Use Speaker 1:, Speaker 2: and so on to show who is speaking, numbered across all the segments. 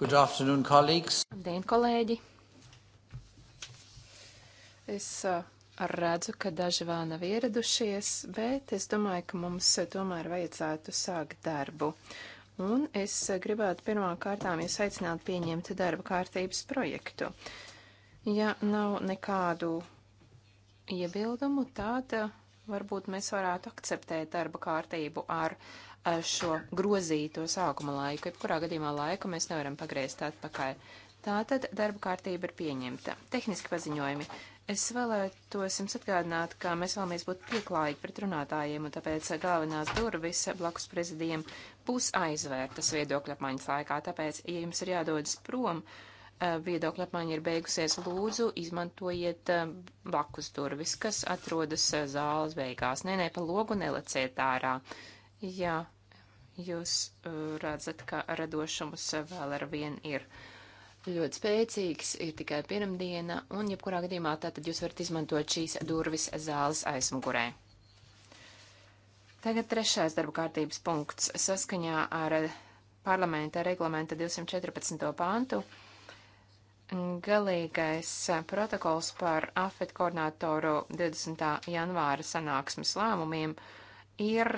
Speaker 1: Good afternoon, colleagues.
Speaker 2: Labdien, kolēģi. Es uh, redzu, ka daži vēl nav ieradušies, bet es domāju, ka mums uh, tomēr vajadzētu sākt darbu. Un es uh, gribētu pirmām kārtām jūs aicināt pieņemt darba kārtības projektu. Ja nav nekādu iebildumu, tad uh, varbūt mēs varētu akceptēt darba kārtību ar uh, šo grozīto sākuma laiku, jebkurā gadījumā laiku mēs nevaram pagriezt atpakaļ. Tātad darba kārtība ir pieņemta. Tehniski paziņojumi. Es vēlētos jums atgādināt, ka mēs vēlamies būt pieklājīgi pret runātājiem, un tāpēc galvenās durvis blakus prezidijiem būs aizvērtas viedokļa apmaiņas laikā. Tāpēc, ja jums ir jādodas prom, eh, viedokļa apmaiņa ir beigusies, lūdzu izmantojiet eh, blakus durvis, kas atrodas eh, zāles beigās. Nē, nē, pa logu neleciet ārā. Jā, jūs uh, redzat, ka radošums vēl ar vien ir ļoti spēcīgs, ir tikai pirmdiena, un jebkurā gadījumā tātad jūs varat izmantot šīs durvis zāles aizmugurē. Tagad trešais darba kārtības punkts saskaņā ar parlamenta reglamenta 214. pāntu. Galīgais protokols par AFET koordinātoru 20. janvāra sanāksmes lēmumiem ir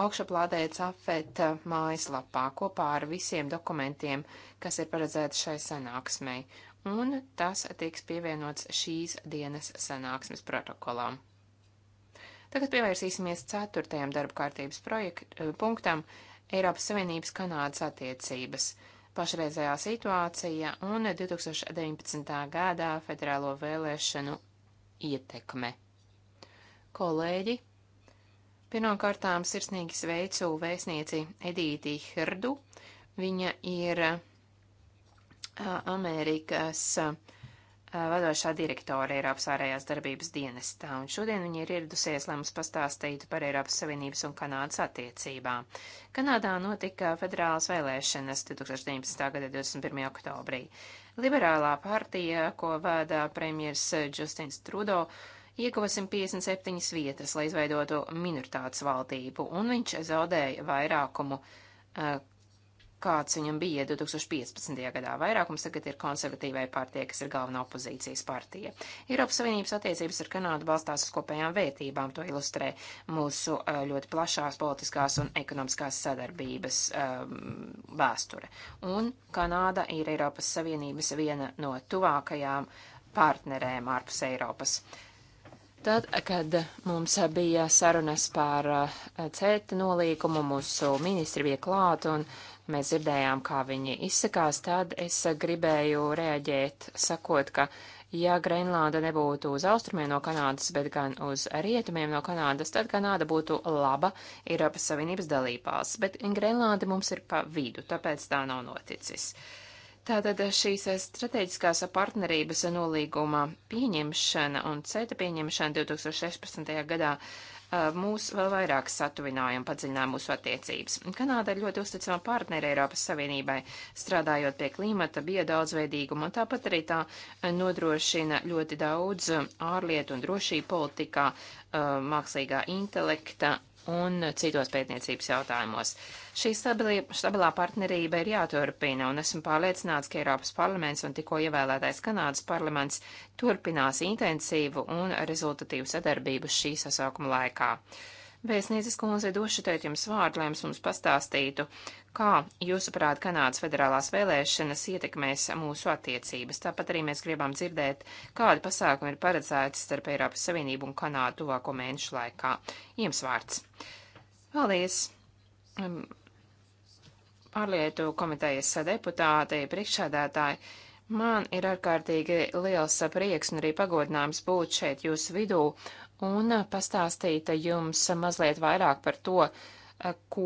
Speaker 2: augšaplādēts afeta mājaslapā kopā ar visiem dokumentiem, kas ir paredzēti šai sanāksmei, un tas tiks pievienots šīs dienas sanāksmes protokolam. Tagad pievērsīsimies ceturtajam darba kārtības projekt, e, punktam Eiropas Savienības Kanādas attiecības, pašreizējā situācija un 2019. gadā federālo vēlēšanu ietekme. Kolēģi, Pirmkārtām sirsnīgi sveicu vēstnieci Edīti Hirdu. Viņa ir Amerikas vadošā direktore Eiropas ārējās darbības dienestā, un šodien viņa ir ieradusies, lai mums pastāstītu par Eiropas Savienības un Kanādas attiecībām. Kanādā notika federālas vēlēšanas 2019. gada 21. oktobrī. Liberālā partija, ko vada premjers Justins Trudeau, ieguva 157 vietas, lai izveidotu minoritātes valdību, un viņš zaudēja vairākumu, eh, kāds viņam bija 2015. gadā. Vairākums tagad ir konservatīvai partijai, kas ir galvenā opozīcijas partija. Eiropas Savienības attiecības ar Kanādu balstās uz kopējām vērtībām, to ilustrē mūsu eh, ļoti plašās politiskās un ekonomiskās sadarbības ehm, vēsture. Un Kanāda ir Eiropas Savienības viena no tuvākajām partnerēm ārpus Eiropas. Uh, Tad, kad mums bija sarunas par eh, CETA nolīgumu, mūsu ministri bija klāt un mēs dzirdējām, kā viņi izsakās, tad es gribēju reaģēt, sakot, ka ja Grenlāda nebūtu uz austrumiem no Kanādas, bet gan uz rietumiem no Kanādas, tad Kanāda būtu laba Eiropas Savienības dalībās, bet Grenlāda mums ir pa vidu, tāpēc tā nav noticis. Tātad šīs strateģiskās partnerības nolīguma pieņemšana un CETA pieņemšana 2016. gadā mūs vēl vairāk satuvināja un padziļināja mūsu attiecības. Kanāda ir ļoti uzticama partneri Eiropas Savienībai, strādājot pie klimata, biodaudzveidīguma, un tāpat arī tā nodrošina ļoti daudz ārlietu un drošību politikā, mākslīgā intelekta un citos pētniecības jautājumos. Šī stabilī, stabilā partnerība ir jāturpina, un esmu pārliecināts, ka Eiropas parlaments un tikko ievēlētais Kanādas parlaments turpinās intensīvu un rezultatīvu sadarbību šī sasaukuma laikā. Uh, Vēstnieces kundze, došu teikt jums vārdu, lai jums pastāstītu, kā, jūsuprāt, Kanādas federālās vēlēšanas ietekmēs mūsu attiecības. Tāpat arī mēs gribam dzirdēt, kādi pasākumi ir paredzēti starp Eiropas Savienību un Kanādu tuvāko mēnešu laikā. Jums vārds. Paldies! Um, ārlietu komitejas deputāti, priekšsādātāji. Man ir ārkārtīgi liels prieks un arī pagodinājums būt šeit jūsu vidū un pastāstīt jums mazliet vairāk par to, ko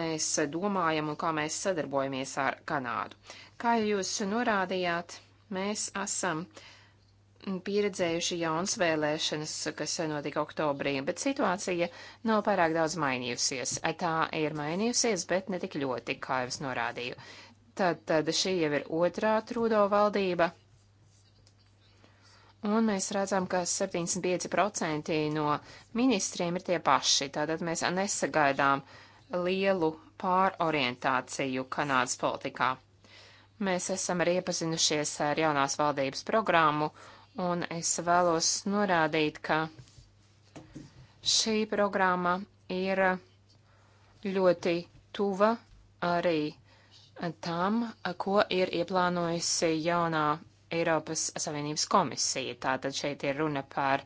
Speaker 2: mēs domājam un kā mēs sadarbojamies ar Kanādu. Kā jūs norādījāt, mēs esam pieredzējuši jauns vēlēšanas, kas notika oktobrī, bet situācija nav pārāk daudz mainījusies. Tā ir mainījusies, bet ne tik ļoti, kā jau es norādīju. Tad, tad šī jau ir otrā trūdo valdība. Un mēs redzam, ka 75% no ministriem ir tie paši, tātad mēs nesagaidām lielu pārorientāciju Kanādas politikā. Mēs esam arī iepazinušies ar jaunās valdības programmu, un es vēlos norādīt, ka šī programma ir ļoti tuva arī tam, ko ir ieplānojusi jaunā Eiropas Savienības komisija. Tātad šeit ir runa par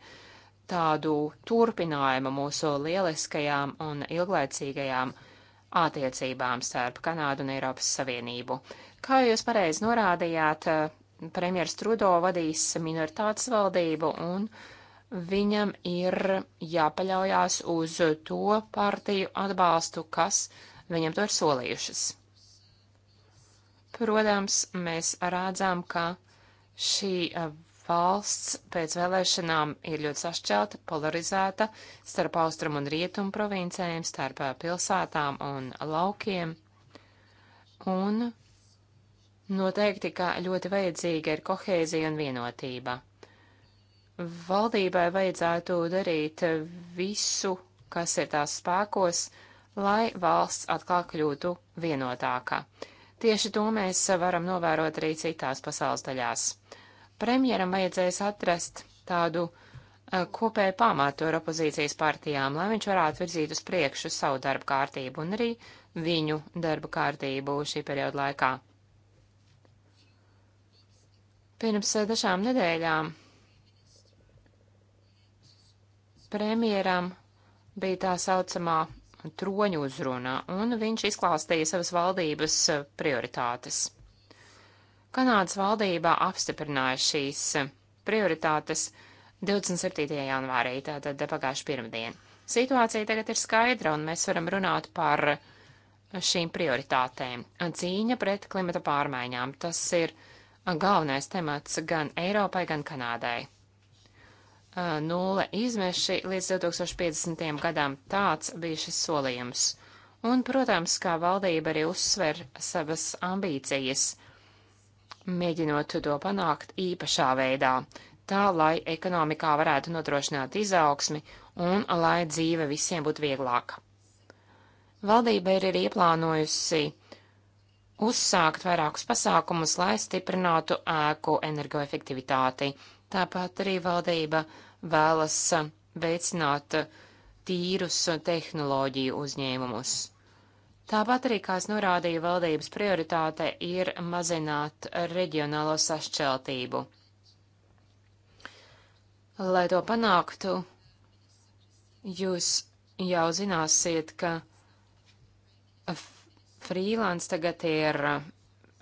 Speaker 2: tādu turpinājumu mūsu lieliskajām un ilglaicīgajām attiecībām starp Kanādu un Eiropas Savienību. Kā jūs pareizi norādījāt, premjers Trudo vadīs minoritātes valdību un viņam ir jāpaļaujās uz to partiju atbalstu, kas viņam to ir solījušas. Protams, mēs rādzām, ka Šī eh, valsts pēc vēlēšanām ir ļoti sašķelta, polarizēta starp austrumu un rietumu provincēm, starp eh, pilsētām un laukiem. Un noteikti, ka ļoti vajadzīga ir kohēzija un vienotība. Valdībai vajadzētu darīt eh, visu, kas ir tās spēkos, lai valsts atkal kļūtu vienotākā. Tieši to mēs varam novērot arī citās pasaules daļās. Premjeram vajadzēs atrast tādu eh, kopēju pamatu ar opozīcijas partijām, lai viņš varētu virzīt uz priekšu savu darbu kārtību un arī viņu darbu kārtību šī perioda laikā. Pirms eh, dažām nedēļām premjeram bija tā saucamā troņu uzrunā, un viņš izklāstīja savas valdības eh, prioritātes. Kanādas valdībā apstiprināja šīs eh, prioritātes 27. janvārī, tātad pagājuši pirmdien. Situācija tagad ir skaidra, un mēs varam runāt par šīm prioritātēm. Cīņa pret klimata pārmaiņām, tas ir galvenais temats gan Eiropai, gan Kanādai nulle izmeši līdz 2050. gadam. Tāds bija šis solījums. Un, protams, kā valdība arī uzsver savas ambīcijas, mēģinot to panākt īpašā veidā, tā lai ekonomikā varētu nodrošināt izaugsmi un lai dzīve visiem būtu vieglāka. Valdība ir arī ieplānojusi uzsākt vairākus pasākumus, lai stiprinātu ēku energoefektivitāti Tāpat arī valdība vēlas uh, veicināt uh, tīrus uh, tehnoloģiju uzņēmumus. Tāpat arī, kā es norādīju, valdības prioritāte ir mazināt reģionālo sašķeltību. Lai to panāktu, jūs jau zināsiet, ka frīlāns tagad ir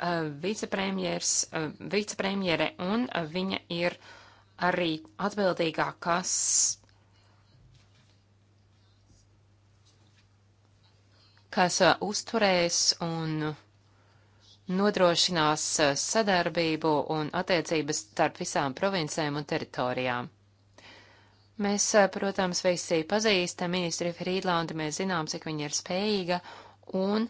Speaker 2: Eh, vicepremjere, eh, un eh, viņa ir arī atbildīgā, kas kas uzturēs un nodrošinās sadarbību un attiecības starp visām provincēm un teritorijām. Mēs, protams, visi pazīstam ministri Frīdlandi, mēs zinām, cik viņa ir spējīga, un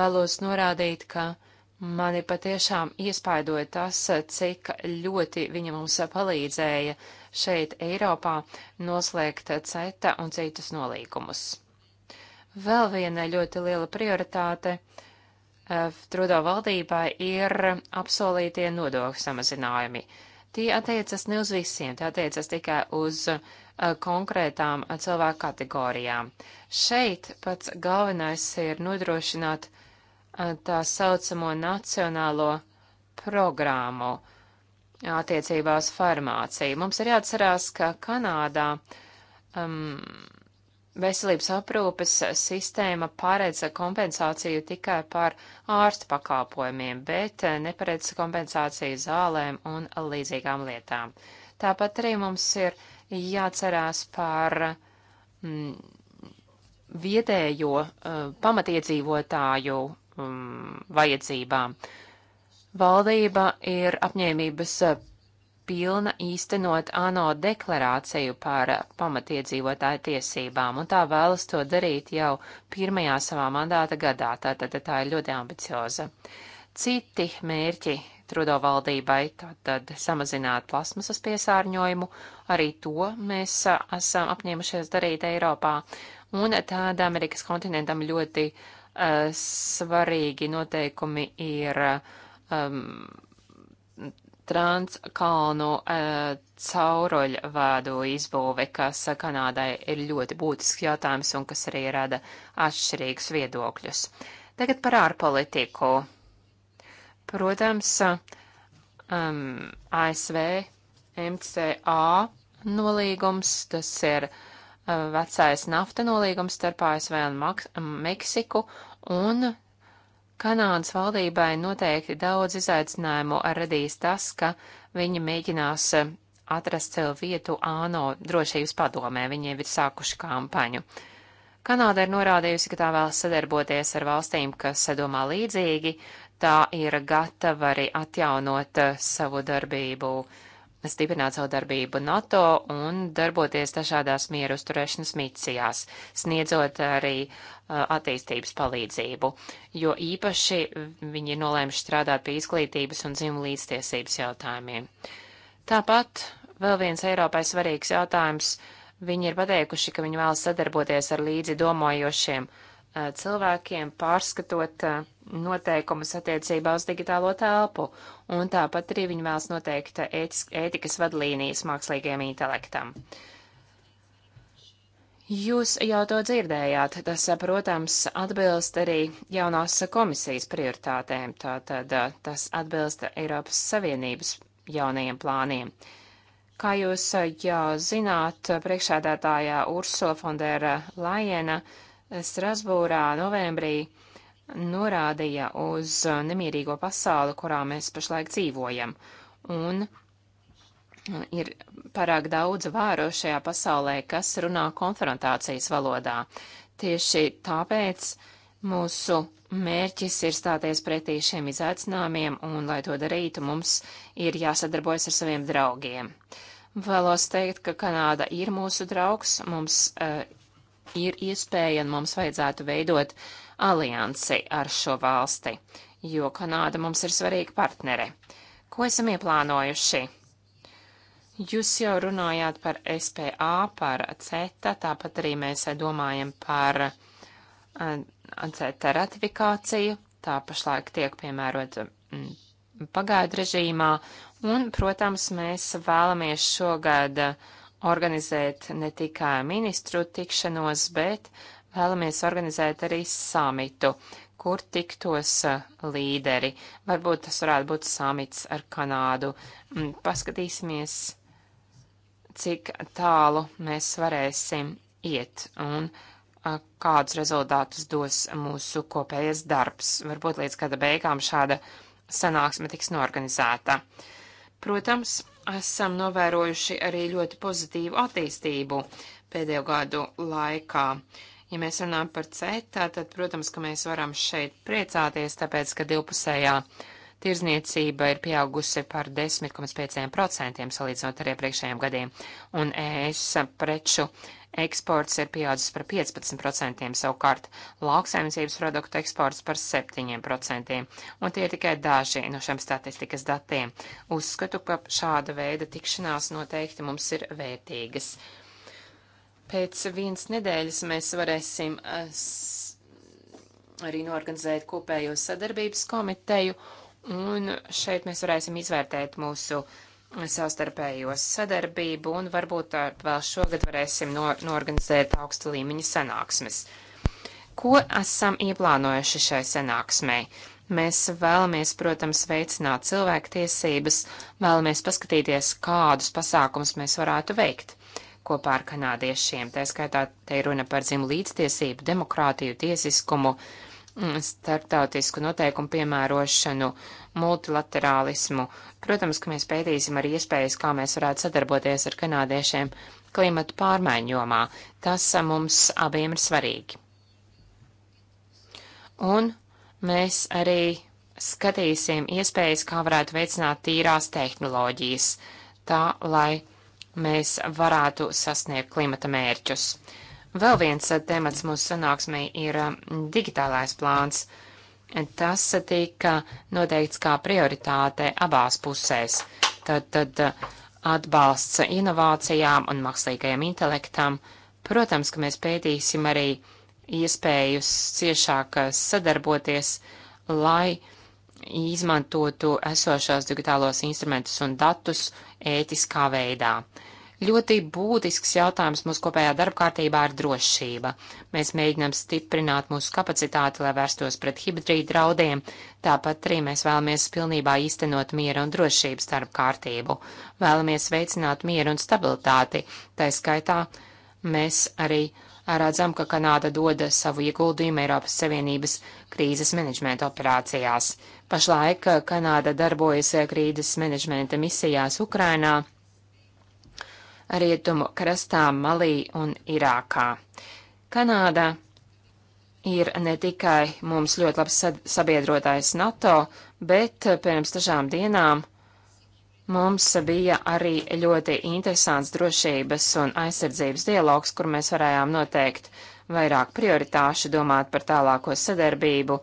Speaker 2: vēlos norādīt, ka uh, Mani patiešām iespaidoja tas, cik ļoti viņa mums palīdzēja šeit Eiropā noslēgt CETA un citus nolīgumus. Vēl viena ļoti liela prioritāte eh, Trudo valdībai ir apsolītie nodokļu samazinājumi. Tie attiecas ne uz visiem, tie attiecas tikai uz eh, konkrētām cilvēku kategorijām. Šeit pats galvenais ir nodrošināt tā saucamo nacionālo programmu attiecībā uz farmāciju. Mums ir jāatcerās, ka Kanādā um, veselības aprūpes sistēma paredz kompensāciju tikai par ārstu pakalpojumiem, bet neparedz kompensāciju zālēm un līdzīgām lietām. Tāpat arī mums ir jāatcerās par mm, vietējo uh, pamatiedzīvotāju um, vajadzībām. Valdība ir apņēmības eh, pilna īstenot ANO deklarāciju par eh, pamatiedzīvotāju tiesībām, un tā vēlas to darīt jau pirmajā savā mandāta gadā, tātad tā, tā ir ļoti ambicioza. Citi mērķi Trudo valdībai, tātad samazināt plasmasas piesārņojumu, arī to mēs eh, esam apņēmušies darīt Eiropā, un tāda Amerikas kontinentam ļoti uh, Eh, svarīgi noteikumi ir um, transkalnu uh, eh, cauruļvādu izbūve, kas Kanādai ir ļoti būtisks jautājums un kas arī rada atšķirīgus viedokļus. Tagad par ārpolitiku. Protams, um, ehm, ASV MCA nolīgums, tas ir uh, Uh, vecais nafta nolīgums starp ASV un Maks Meksiku, un Kanādas valdībai noteikti daudz izaicinājumu radīs tas, ka viņi mēģinās uh, atrast sev vietu ANO drošības padomē, viņiem ir sākuši kampaņu. Kanāda ir norādījusi, ka tā vēlas sadarboties ar valstīm, kas domā līdzīgi, tā ir gatava arī atjaunot uh, savu darbību uh, stiprināt savu darbību NATO un darboties dažādās mieru uzturēšanas misijās, sniedzot arī uh, attīstības palīdzību, jo īpaši viņi ir nolēmuši strādāt pie izglītības un dzimu līdztiesības jautājumiem. Tāpat vēl viens Eiropai svarīgs jautājums. Viņi ir pateikuši, ka viņi vēlas sadarboties ar līdzi domājošiem uh, Eh, cilvēkiem, pārskatot eh, noteikumus attiecībā uz digitālo telpu, un tāpat arī viņi vēlas noteikt eh, ētikas vadlīnijas mākslīgiem intelektam. Jūs jau to dzirdējāt, tas, protams, atbilst arī jaunās komisijas prioritātēm, tātad tas atbilst Eiropas Savienības jaunajiem plāniem. Kā jūs jau zināt, priekšēdētājā Ursula Fondera Lajena uh, Strasbūrā novembrī norādīja uz nemierīgo pasauli, kurā mēs pašlaik dzīvojam. Un uh, ir pārāk daudz vāro šajā pasaulē, kas runā konfrontācijas valodā. Tieši tāpēc mūsu mērķis ir stāties pretī šiem izaicinājumiem, un, lai to darītu, mums ir jāsadarbojas ar saviem draugiem. Vēlos teikt, ka Kanāda ir mūsu draugs, mums uh, ir iespēja un mums vajadzētu veidot aliansi ar šo valsti, jo Kanāda mums ir svarīga partnere. Ko esam ieplānojuši? Jūs jau runājāt par SPA, par CETA, tāpat arī mēs domājam par eh, CETA ratifikāciju. Tā pašlaik tiek piemērota mm, pagaidu režīmā, un, protams, mēs vēlamies šogad uh, organizēt ne tikai ministru tikšanos, bet vēlamies organizēt arī samitu, kur tiktos eh, līderi. Varbūt tas varētu būt samits ar Kanādu. Mm, paskatīsimies, cik tālu mēs varēsim iet un eh, kādus rezultātus dos mūsu kopējais darbs. Varbūt līdz gada beigām šāda sanāksme tiks norganizēta. Protams, esam novērojuši arī ļoti pozitīvu attīstību pēdējo gadu laikā. Ja mēs runājam par CETA, tad, protams, ka mēs varam šeit priecāties, tāpēc, ka divpusējā tirzniecība ir pieaugusi par 10,5% salīdzinot ar iepriekšējiem gadiem, un ES preču uh, eksports ir pieaudzis par 15%, savukārt lauksaimniecības produktu eksports par 7%, un tie ir tikai daži no šiem statistikas datiem. Uzskatu, ka šāda veida tikšanās noteikti mums ir vērtīgas. Pēc vienas nedēļas mēs varēsim eh, arī norganizēt kopējo sadarbības komiteju, un šeit mēs varēsim izvērtēt mūsu uh, savstarpējos sadarbību un varbūt vēl šogad varēsim no, norganizēt augsta līmeņa sanāksmes. Ko esam ieplānojuši šai sanāksmei? Mēs vēlamies, protams, veicināt cilvēktiesības, vēlamies paskatīties, kādus pasākums mēs varētu veikt kopā ar kanādiešiem. Tā skaitā te ir runa par dzimu līdztiesību, demokrātiju, tiesiskumu, uh, Mm, starptautisku noteikumu piemērošanu, multilaterālismu. Protams, ka mēs pētīsim arī iespējas, kā mēs varētu sadarboties ar kanādiešiem klimatu pārmaiņu jomā. Tas mums abiem ir svarīgi. Un mēs arī skatīsim iespējas, kā varētu veicināt tīrās tehnoloģijas, tā lai mēs varētu sasniegt klimata mērķus. Vēl viens eh, temats mūsu sanāksmē ir eh, digitālais plāns. Tas eh, tika noteikts kā prioritāte abās pusēs. Tad, tad atbalsts inovācijām un mākslīgajam intelektam. Protams, ka mēs pētīsim arī iespējas ciešāk sadarboties, lai izmantotu esošos digitālos instrumentus un datus ētiskā veidā. Uh, Ļoti būtisks jautājums mūsu kopējā darba kārtībā ir drošība. Mēs mēģinām stiprināt mūsu kapacitāti, lai vērstos pret hibrīdu draudiem, tāpat arī mēs vēlamies pilnībā īstenot miera un drošības darba kārtību. Vēlamies veicināt mieru un stabilitāti. Tā skaitā mēs arī redzam, ka Kanāda doda savu ieguldījumu Eiropas Savienības krīzes menedžmenta operācijās. Pašlaik Kanāda darbojas krīzes menedžmenta misijās Ukrainā, rietumu krastā Malī un Irākā. Kanāda ir ne tikai mums ļoti labs sabiedrotājs NATO, bet pirms dažām dienām mums bija arī ļoti interesants drošības un aizsardzības dialogs, kur mēs varējām noteikt vairāk prioritāšu, domāt par tālāko sadarbību,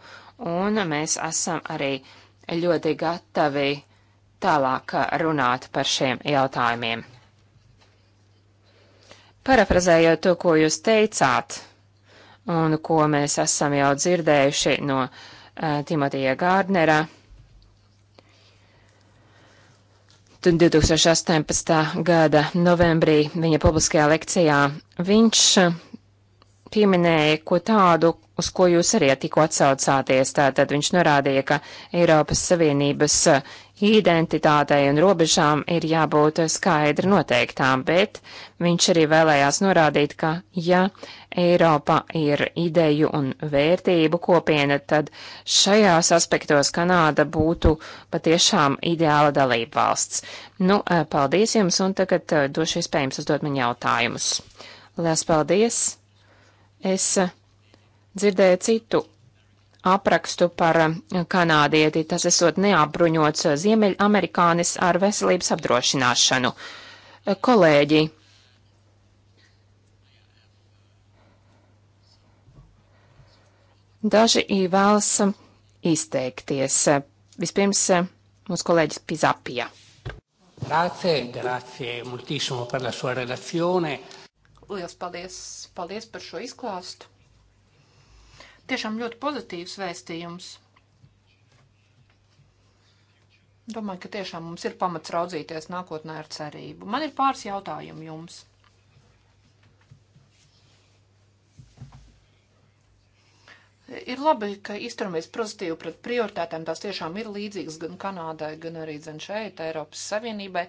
Speaker 2: un mēs esam arī ļoti gatavi tālāk runāt par šiem jautājumiem. Parafrazējot to, ko jūs teicāt un ko mēs esam jau dzirdējuši no uh, Timotija Gārdnera, tad 2018. gada novembrī viņa publiskajā lekcijā viņš pieminēja ko tādu, uz ko jūs arī tikko atsaucāties. Tātad viņš norādīja, ka Eiropas Savienības identitātei un robežām ir jābūt skaidri noteiktām, bet viņš arī vēlējās norādīt, ka ja Eiropa ir ideju un vērtību kopiena, tad šajās aspektos Kanāda būtu patiešām ideāla dalība valsts. Nu, eh, paldies jums, un tagad eh, došu iespējams uzdot man jautājumus. Lielas paldies! Es eh, dzirdēju citu aprakstu par eh, kanādieti, tas esot neapbruņots eh, ziemeļamerikānis ar veselības apdrošināšanu. Eh, kolēģi, daži vēlas izteikties. Vispirms mūsu kolēģis Pizapija.
Speaker 1: Grazie, grazie moltissimo per la sua relazione. Lielas paldies, paldies par šo izklāstu. Tiešām ļoti pozitīvs vēstījums. Domāju, ka tiešām mums ir pamats raudzīties nākotnē ar cerību. Man ir pāris jautājumu jums. Ir labi, ka izturamies pozitīvi pret prioritētēm. Tās tiešām ir līdzīgas gan Kanādai, gan arī dzen šeit, Eiropas Savienībai.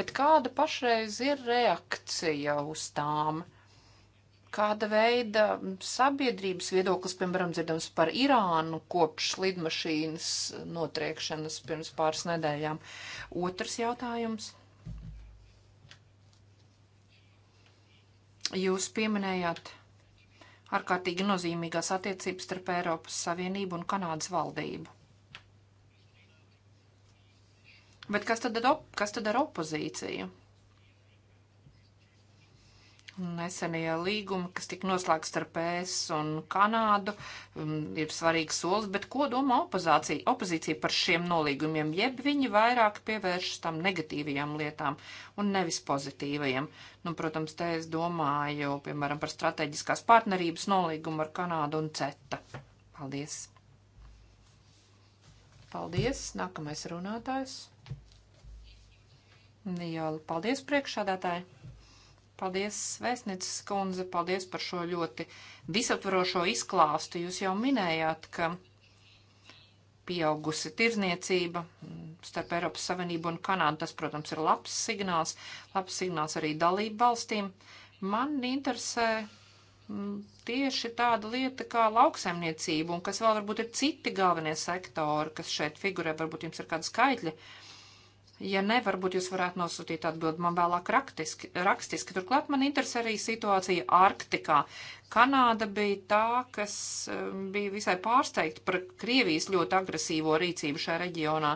Speaker 1: Bet kāda pašreiz ir reakcija uz tām? Uh, kāda veida sabiedrības viedoklis, piemēram, dzirdams par Irānu kopš lidmašīnas notriekšanas pirms pāris nedēļām. Otrs jautājums. Jūs pieminējāt ārkārtīgi nozīmīgās attiecības starp Eiropas Savienību un Kanādas valdību. Bet kas tad, kas tad ar opozīciju? Nesenie līgumi, kas tika noslēgts starp ES un Kanādu, um, ir svarīgs solis, bet ko domā opozīcija, opozīcija par šiem nolīgumiem, jeb viņi vairāk pievēršas tam negatīvajām lietām un nevis pozitīvajiem? Nu, protams, te es domāju, piemēram, par strateģiskās partnerības nolīgumu ar Kanādu un CETA. Paldies! Paldies! Nākamais runātājs. Jā, paldies priekšādātāji! Paldies, Vēstnicis Skundze, paldies par šo ļoti visaptvarošo izklāstu. Jūs jau minējāt, ka pieaugusi tirzniecība starp Eiropas Savienību un Kanādu. Tas, protams, ir labs signāls, labs signāls arī dalību valstīm. Man interesē mm, tieši tāda lieta kā lauksaimniecība, un kas vēl varbūt ir citi galvenie sektori, kas šeit figurē, varbūt jums ir kāda skaitļa. Uh, Ja ne, varbūt jūs varētu nosūtīt atbildi man vēlāk raktiski, rakstiski. Turklāt man interesē arī situācija Arktikā, Kanāda bija tā, kas um, bija visai pārsteigta par Krievijas ļoti agresīvo rīcību šajā reģionā.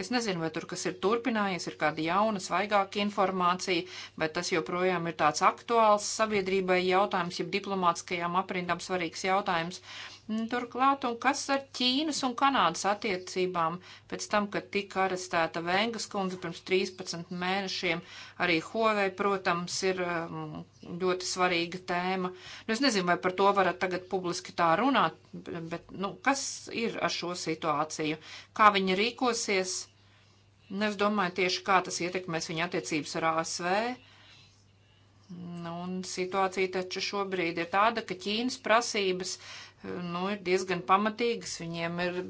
Speaker 1: Es nezinu, vai tur kas ir turpinājies, ir kāda jauna, svaigāka informācija, vai tas joprojām ir tāds aktuāls sabiedrībai jautājums, ja diplomātskajām aprindām svarīgs jautājums. Mm, turklāt, un kas ar Ķīnas un Kanādas attiecībām pēc tam, kad tika arestēta Vengas kundze pirms 13 mēnešiem, arī Hovei, protams, ir um, ļoti svarīga tēma. Nu, es nezinu, nezinu, vai par to varat tagad publiski tā runāt, bet, nu, kas ir ar šo situāciju? Kā viņi rīkosies? Un nu, es domāju tieši, kā tas ietekmēs viņa attiecības ar ASV. Nu, un situācija taču šobrīd ir tāda, ka Ķīnas prasības, nu, ir diezgan pamatīgas. Viņiem ir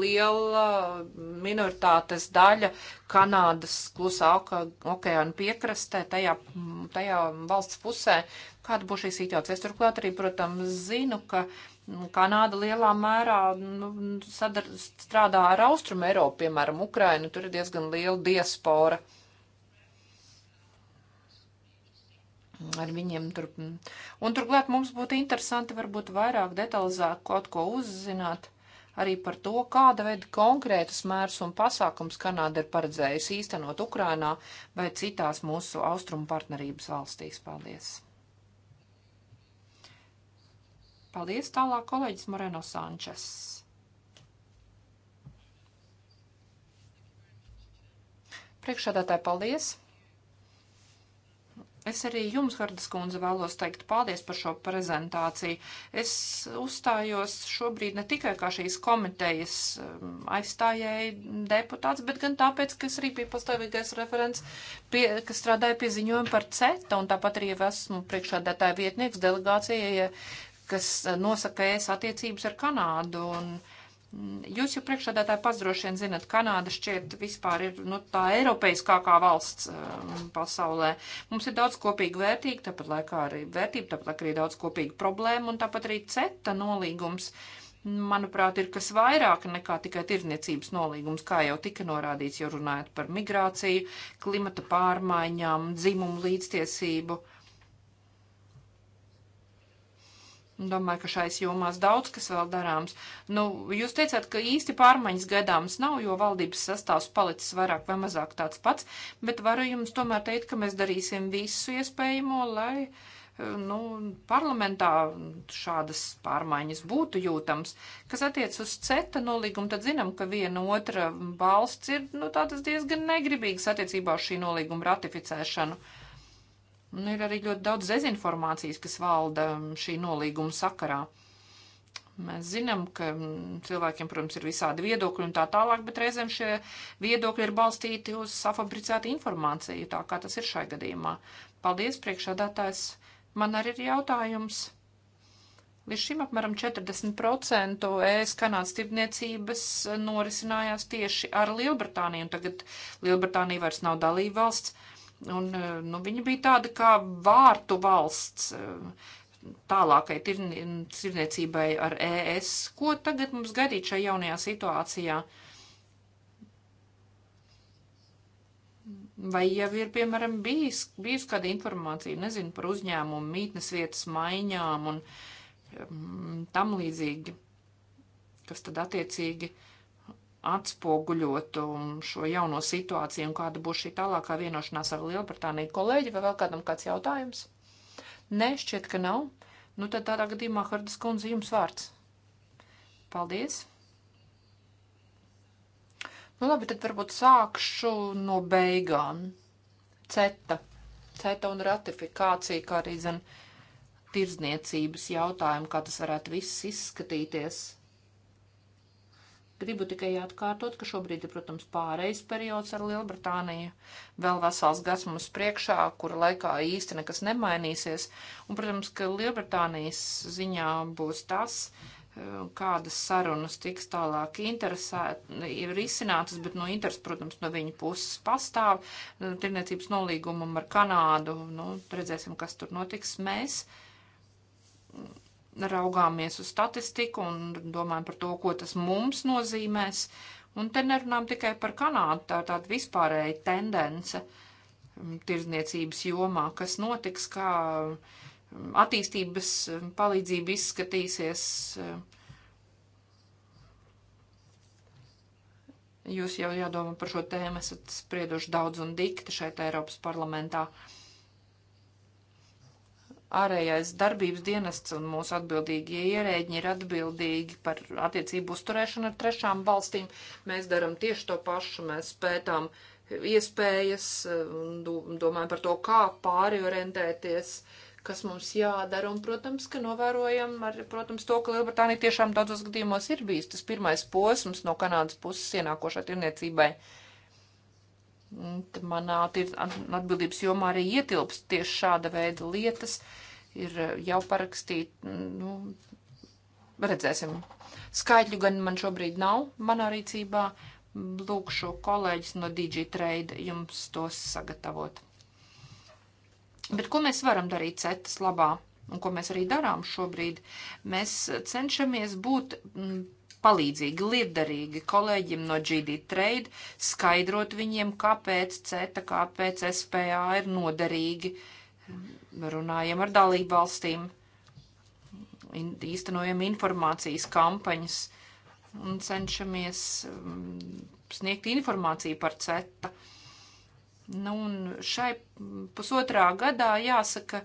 Speaker 1: liela minoritātes daļa Kanādas klusā okeāna piekrastē, tajā, tajā valsts pusē. Kāda būs šī situācija? Es turklāt arī, protams, zinu, ka Kanāda lielā mērā nu, sadar, strādā ar Austrumu Eiropu, piemēram, Ukrainu. Tur ir diezgan liela diaspora. ar viņiem tur. Un turklāt mums būtu interesanti varbūt vairāk detalizēt kaut ko uzzināt arī par to, kāda veida konkrētas mērs un pasākums Kanāda ir paredzējusi īstenot Ukrainā vai citās mūsu austrumu partnerības valstīs. Paldies! Paldies tālāk kolēģis Moreno Sančes. Priekšādātāji, paldies! Es arī jums, Hardas kundze, vēlos teikt paldies par šo prezentāciju. Es uzstājos šobrīd ne tikai kā šīs komitejas um, aizstājēji deputāts, bet gan tāpēc, ka es arī biju pastāvīgais referents, pie, kas strādāja pie ziņojuma par CETA, un tāpat arī esmu priekšādātāja vietnieks delegācijai, kas nosaka ES attiecības ar Kanādu. Un, uh, Jūs jau priekšādātāji pats droši vien zinat, Kanāda šķiet vispār ir nu, tā eiropeiskākā valsts um, pasaulē. Mums ir daudz kopīgi vērtīgi, tāpat laikā arī vērtība, tāpat laikā arī daudz kopīgi problēma un tāpat arī ceta nolīgums. Manuprāt, ir kas vairāk nekā tikai tirdzniecības nolīgums, kā jau tika norādīts, jo runājot par migrāciju, klimata pārmaiņām, dzimumu līdztiesību. Uh, Domāju, ka šais jomās daudz kas vēl darāms. Nu, jūs teicāt, ka īsti pārmaiņas gaidāmas nav, jo valdības sastāvs palicis vairāk vai mazāk tāds pats, bet varu jums tomēr teikt, ka mēs darīsim visu iespējamo, lai nu, parlamentā šādas pārmaiņas būtu jūtams. Kas attiec uz CETA nolīgumu, tad zinām, ka viena otra valsts ir nu, tādas diezgan negribīgas attiecībā uz šī nolīguma ratificēšanu. Uh, Un ir arī ļoti daudz dezinformācijas, kas valda um, šī nolīguma sakarā. Mēs zinām, ka mm, cilvēkiem, protams, ir visādi viedokļi un tā tālāk, bet reizēm šie viedokļi ir balstīti uz safabricētu informāciju, tā kā tas ir šai gadījumā. Paldies, priekšādātājs. Man arī ir jautājums. Līdz šim apmēram 40% ES Kanādas tirdzniecības norisinājās tieši ar Lielbritāniju, un tagad Lielbritānija vairs nav dalība valsts. Un, eh, nu, viņa bija tāda kā vārtu valsts eh, tālākai tirniecībai ar ES. Ko tagad mums gaidīt šajā jaunajā situācijā? Vai jau ir, piemēram, bijis, bijis kāda informācija, nezinu, par uzņēmumu mītnes vietas maiņām un um, tam līdzīgi, kas tad attiecīgi uh, atspoguļotu šo jauno situāciju un kāda būs šī tālākā vienošanās ar Lielbritāniju. Kolēģi, vai vēl kādam kāds jautājums? Nē, šķiet, ka nav. Nu, tad tādā gadījumā, Hardas kundze, jums vārds. Paldies! Nu, labi, tad varbūt sākšu no beigām. Ceta. Ceta un ratifikācija, kā arī, zin, tirzniecības jautājumu, kā tas varētu viss izskatīties Gribu tikai atkārtot, ka šobrīd ir, protams, pārejas periods ar Lielbritāniju. Vēl vesels gads mums priekšā, kura laikā īsti nekas nemainīsies. Un, protams, ka Lielbritānijas ziņā būs tas, eh, kādas sarunas tiks tālāk ir izcinātas, bet no interesi, protams, no viņa puses pastāv. Nu, tirniecības nolīgumam ar Kanādu, nu, redzēsim, kas tur notiks. Mēs raugāmies uz statistiku un domājam par to, ko tas mums nozīmēs. Un te nerunām tikai par Kanādu, tā ir tāda vispārēja tendence mm, tirzniecības jomā, kas notiks, kā mm, attīstības palīdzība izskatīsies. Jūs jau jādomā par šo tēmu, esat sprieduši daudz un dikti šeit Eiropas parlamentā. Uh, ārējais darbības dienests un mūsu atbildīgie ierēģi ir atbildīgi par attiecību uzturēšanu ar trešām valstīm. Mēs darām tieši to pašu, mēs pētām iespējas, e, domājam par to, kā pāriorientēties, kas mums jādara, un, protams, ka novērojam, ar, protams, to, ka Lielbritānija tiešām daudzos gadījumos ir bijis tas pirmais posms no Kanādas puses ienākošai tirniecībai. Uh, manā atbildības jomā arī ietilpst tieši šāda veida lietas. Ir eh, jau parakstīt, nu, redzēsim. Skaitļu gan man šobrīd nav manā rīcībā. Lūkšu kolēģis no DigiTrade jums tos sagatavot. Bet ko mēs varam darīt cetas labā? Un ko mēs arī darām šobrīd? Mēs cenšamies būt palīdzīgi, liederīgi kolēģim no GD Trade, skaidrot viņiem, kāpēc CETA, kāpēc SPA ir noderīgi. Runājam ar dalību valstīm, in, īstenojam informācijas kampaņas un cenšamies um, sniegt informāciju par CETA. Nu, un šai pusotrā gadā jāsaka,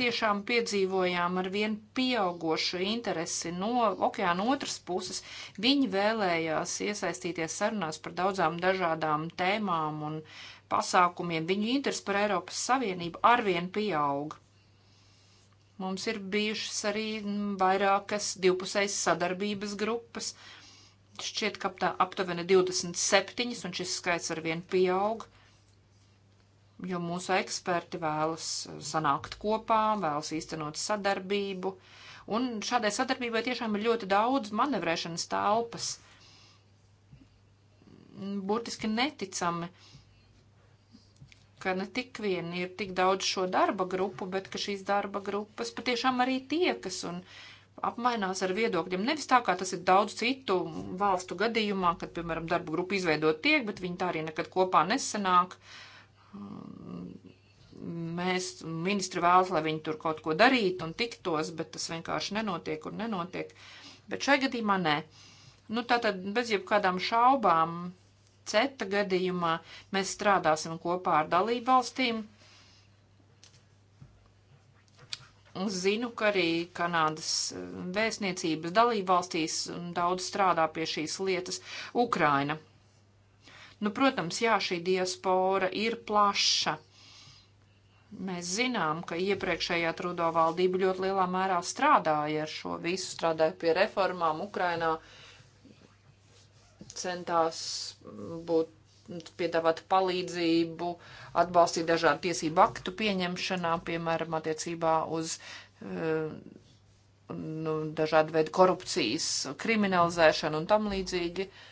Speaker 1: tiešām piedzīvojām ar vien pieaugošu interesi no okeāna otras puses. Viņi vēlējās iesaistīties sarunās par daudzām dažādām tēmām un pasākumiem. Viņu interesi par Eiropas Savienību arvien pieaug. Mums ir bijušas arī mm, vairākas divpusējas sadarbības grupas. Šķiet, ka aptuveni 27, un šis skaits arvien pieauga jo mūsu eksperti vēlas eh, sanākt kopā, vēlas īstenot sadarbību, un šādai sadarbībai tiešām ir ļoti daudz manevrēšanas telpas. Burtiski neticami ka ne tik vien ir tik daudz šo darba grupu, bet ka šīs darba grupas patiešām arī tiekas un apmainās ar viedokļiem. Nevis tā, kā tas ir daudz citu valstu gadījumā, kad, piemēram, darba grupu izveidot tiek, bet viņi tā arī nekad kopā nesanāk. Uh, Mēs, ministri vēlas, lai viņi tur kaut ko darītu un tiktos, bet tas vienkārši nenotiek un nenotiek. Bet šai gadījumā nē. Nu, tātad bez jebkādām šaubām CETA gadījumā mēs strādāsim kopā ar dalību valstīm. Un zinu, ka arī Kanādas eh, vēstniecības dalību valstīs mm, daudz strādā pie šīs lietas. Ukraina Nu, protams, jā, šī diaspora ir plaša. Mēs zinām, ka iepriekšējā Trudo valdība ļoti lielā mērā strādāja ar šo visu, strādāja pie reformām Ukrainā, centās būt, piedāvāt palīdzību, atbalstīt dažādu tiesību aktu pieņemšanā, piemēram, attiecībā uz eh, nu, dažādu veidu korupcijas kriminalizēšanu un tam līdzīgi. Uh,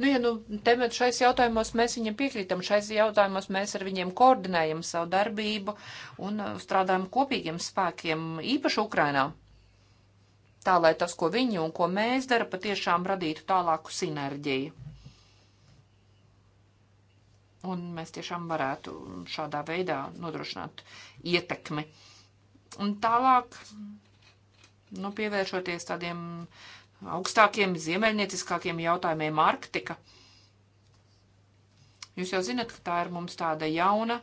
Speaker 1: Nu, ja nu, temet šais jautājumos mēs viņam piekrītam, šais jautājumos mēs ar viņiem koordinējam savu darbību un uh, strādājam kopīgiem spēkiem, īpaši Ukrainā. Tā, lai tas, ko viņi un ko mēs dara, patiešām radītu tālāku sinerģiju. Un mēs tiešām varētu šādā veidā nodrošināt ietekmi. Un tālāk, nu, pievēršoties tādiem augstākiem, ziemeļnieciskākiem jautājumiem - Arktika. Jūs jau zinat, ka tā ir mums tāda jauna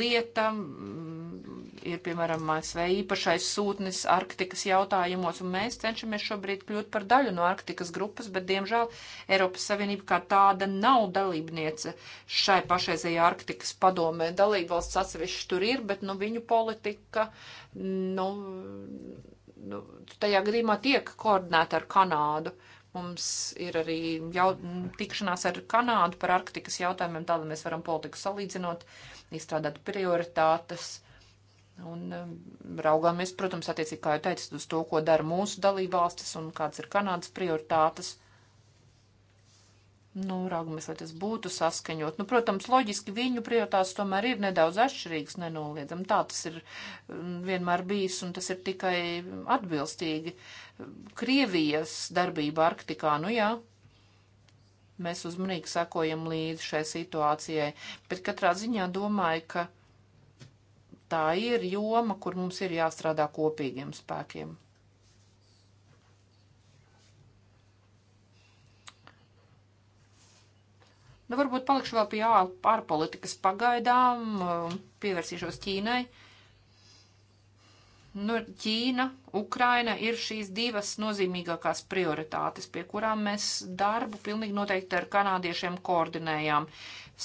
Speaker 1: lieta. Mm, ir, piemēram, ASV īpašais sūtnis Arktikas jautājumos, un mēs cenšamies šobrīd kļūt par daļu no Arktikas grupas, bet, diemžēl, Eiropas Savienība kā tāda nav dalībniece šai pašreizējā Arktikas padomē. Dalībvalsts atsevišķi tur ir, bet, nu, viņu politika, nu, nu, tajā gadījumā tiek koordinēta ar Kanādu. Mums ir arī jau, tikšanās ar Kanādu par Arktikas jautājumiem, tādā mēs varam politiku salīdzinot, izstrādāt prioritātes. Un um, raugāmies, protams, attiecīgi, kā jau teicu, uz to, ko dara mūsu dalībvalstis un kādas ir Kanādas prioritātes. Nu, raugamies, lai tas būtu saskaņot. Nu, protams, loģiski viņu prioritātes tomēr ir nedaudz atšķirīgas, nenoliedzam. Tā tas ir mm, vienmēr bijis, un tas ir tikai atbilstīgi. Krievijas darbība Arktikā, nu jā, mēs uzmanīgi sakojam līdzi šai situācijai, bet katrā ziņā domāju, ka tā ir joma, kur mums ir jāstrādā kopīgiem spēkiem. Nu, varbūt palikšu vēl pie ārpolitikas pagaidām, um, pievērsīšos Ķīnai. Nu, Ķīna, Ukraina ir šīs divas nozīmīgākās prioritātes, pie kurām mēs darbu pilnīgi noteikti ar kanādiešiem koordinējām,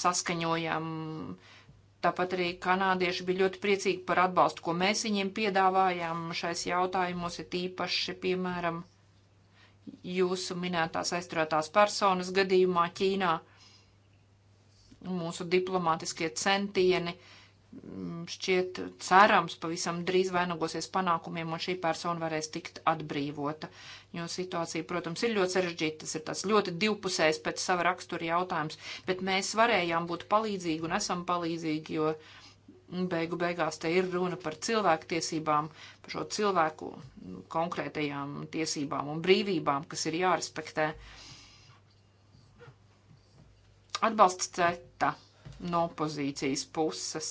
Speaker 1: saskaņojām. Tāpat arī kanādieši bija ļoti priecīgi par atbalstu, ko mēs viņiem piedāvājām šais jautājumos, ir tīpaši, piemēram, jūsu minētās aizturētās personas gadījumā Ķīnā mūsu diplomātiskie centieni mm, šķiet cerams pavisam drīz vainagosies panākumiem un šī persona varēs tikt atbrīvota. Jo situācija, protams, ir ļoti sarežģīta, tas ir tas ļoti divpusējs pēc sava rakstura jautājums, bet mēs varējām būt palīdzīgi un esam palīdzīgi, jo mm, beigu beigās te ir runa par cilvēku tiesībām, par šo cilvēku nu, konkrētajām tiesībām un brīvībām, kas ir jārespektē. Uh, atbalsts CETA no opozīcijas puses.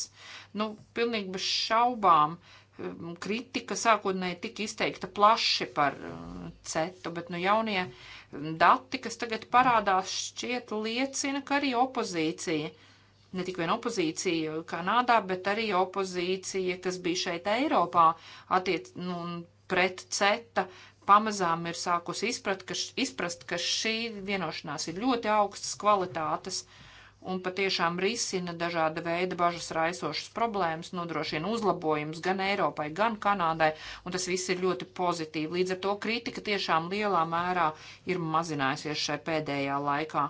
Speaker 1: Nu, pilnīgi bez šaubām um, kritika sākotnēji tika izteikta plaši par um, CETU, bet nu jaunie um, dati, kas tagad parādās, šķiet liecina, ka arī opozīcija, ne tik vien opozīcija Kanādā, bet arī opozīcija, kas bija šeit Eiropā, attiec, nu, pret CETA pamazām ir sākusi izprat, ka, izprast, ka šī vienošanās ir ļoti augstas kvalitātes un patiešām risina dažāda veida bažas raisošas problēmas, nodrošina uzlabojumus gan Eiropai, gan Kanādai, un tas viss ir ļoti pozitīvi. Līdz ar to kritika tiešām lielā mērā ir mazinājusies šai pēdējā laikā.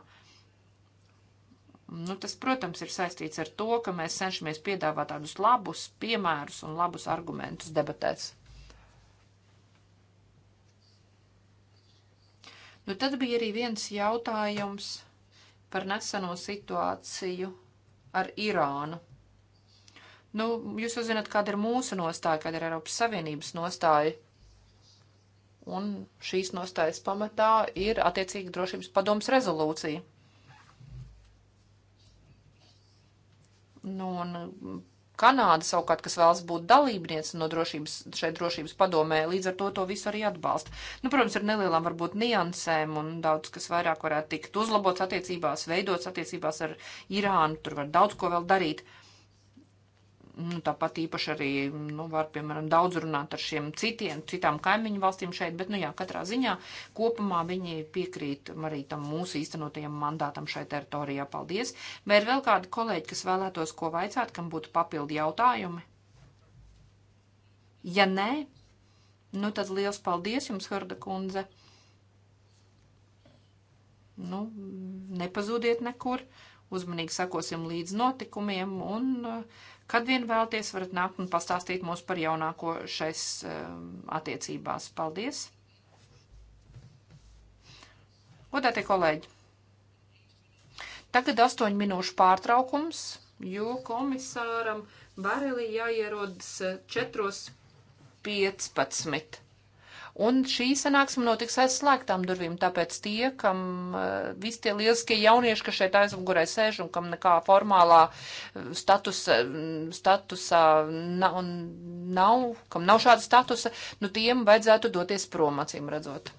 Speaker 1: Nu, tas, protams, ir saistīts ar to, ka mēs cenšamies piedāvāt tādus labus piemērus un labus argumentus debatēs. Nu, tad bija arī viens jautājums par neseno situāciju ar Irānu. Nu, jūs jau zināt, kāda ir mūsu nostāja, kāda ir Eiropas Savienības nostāja. Un šīs nostājas pamatā ir attiecīgi drošības padomas rezolūcija. Nu, un Kanāda savukārt, kas vēlas būt dalībniece no drošības, šeit drošības padomē, līdz ar to to visu arī atbalsta. Nu, protams, ar nelielām varbūt niansēm un daudz, kas vairāk varētu tikt uzlabots attiecībās, veidots attiecībās ar Irānu, tur var daudz ko vēl darīt. Uh, Nu, tāpat īpaši arī nu, var, piemēram, daudz runāt ar šiem citiem, citām kaimiņu valstīm šeit, bet, nu jā, katrā ziņā kopumā viņi piekrīt arī tam mūsu īstenotajam mandātam šai teritorijā. Paldies! Vai ir vēl kādi kolēģi, kas vēlētos ko vaicāt, kam būtu papildi jautājumi? Ja nē, nu tad liels paldies jums, Horda kundze! Nu, nepazūdiet nekur! Uzmanīgi sakosim līdz notikumiem un uh, Kad vien vēlties, varat nākt un pastāstīt mums par jaunāko šais um, attiecībās. Paldies! Godātie kolēģi! Tagad astoņu minūšu pārtraukums, jo komisāram Barelī jāierodas 4.15. Un šī sanāksme notiks aizslēgtām durvīm, tāpēc tie, kam eh, visi tie lieliskie jaunieši, kas šeit aizmugurē sēž un kam nekā formālā eh, statusa, mm, statusā nav, nav, kam nav šāda statusa, nu tiem vajadzētu doties prom, acīm redzot.